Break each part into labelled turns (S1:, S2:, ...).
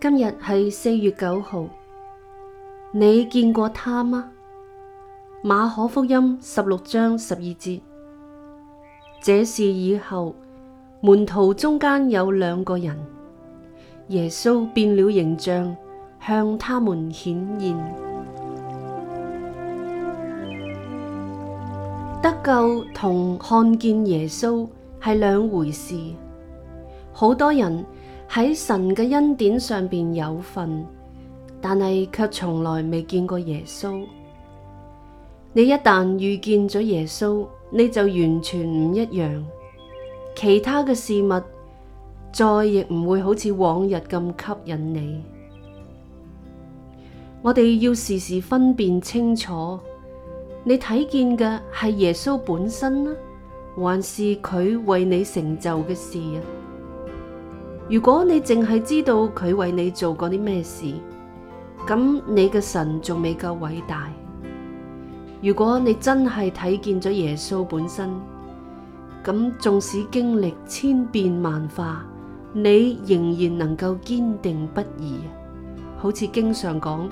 S1: 今日係四月九號，你見過他嗎？馬可福音十六章十二節，這事以後門徒中間有兩個人，耶穌變了形象向他們顯現。得救同看見耶穌係兩回事，好多人。喺神嘅恩典上邊有份，但係卻從來未見過耶穌。你一旦遇見咗耶穌，你就完全唔一樣，其他嘅事物再也唔會好似往日咁吸引你。我哋要時時分辨清楚，你睇見嘅係耶穌本身呢，還是佢為你成就嘅事啊？如果你淨係知道佢為你做過啲咩事，咁你嘅神仲未夠偉大。如果你真係睇見咗耶穌本身，咁縱使經歷千變萬化，你仍然能夠堅定不移，好似經常講，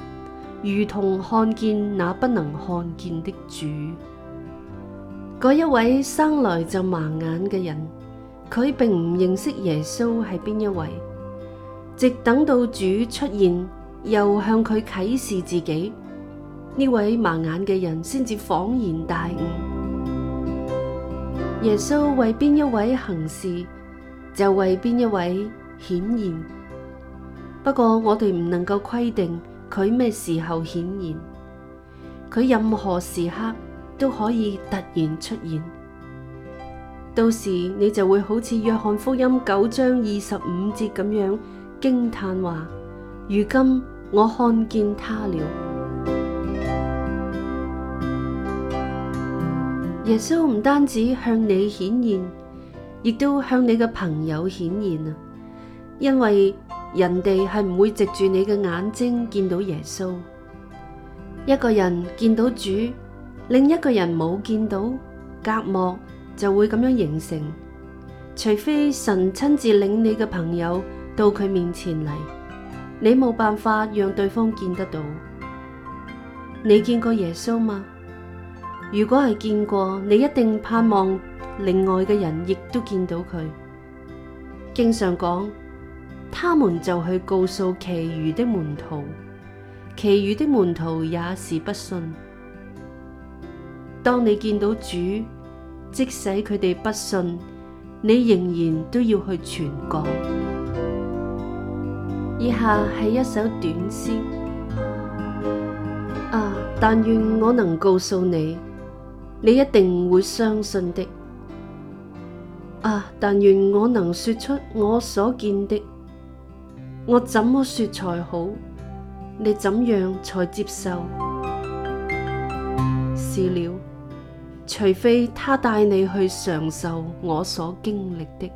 S1: 如同看見那不能看見的主。嗰一位生來就盲眼嘅人。佢並唔認識耶穌係邊一位，直等到主出現，又向佢啟示自己，呢位盲眼嘅人先至恍然大悟。耶穌為邊一位行事，就為邊一位顯現。不過我哋唔能夠規定佢咩時候顯現，佢任何時刻都可以突然出現。到時你就會好似約翰福音九章二十五節咁樣驚嘆話：如今我看見他了。耶穌唔單止向你顯現，亦都向你嘅朋友顯現啊！因為人哋係唔會藉住你嘅眼睛見到耶穌。一個人見到主，另一個人冇見到，隔膜。就會咁樣形成，除非神親自領你嘅朋友到佢面前嚟，你冇辦法讓對方見得到。你見過耶穌嗎？如果係見過，你一定盼望另外嘅人亦都見到佢。經常講，他們就去告訴其餘的門徒，其餘的門徒也是不信。當你見到主。即使佢哋不信，你仍然都要去傳講。以下係一首短詩啊！但願我能告訴你，你一定會相信的啊！但願我能說出我所見的，我怎麼說才好？你怎樣才接受？是了。除非他帶你去嘗受我所經歷的。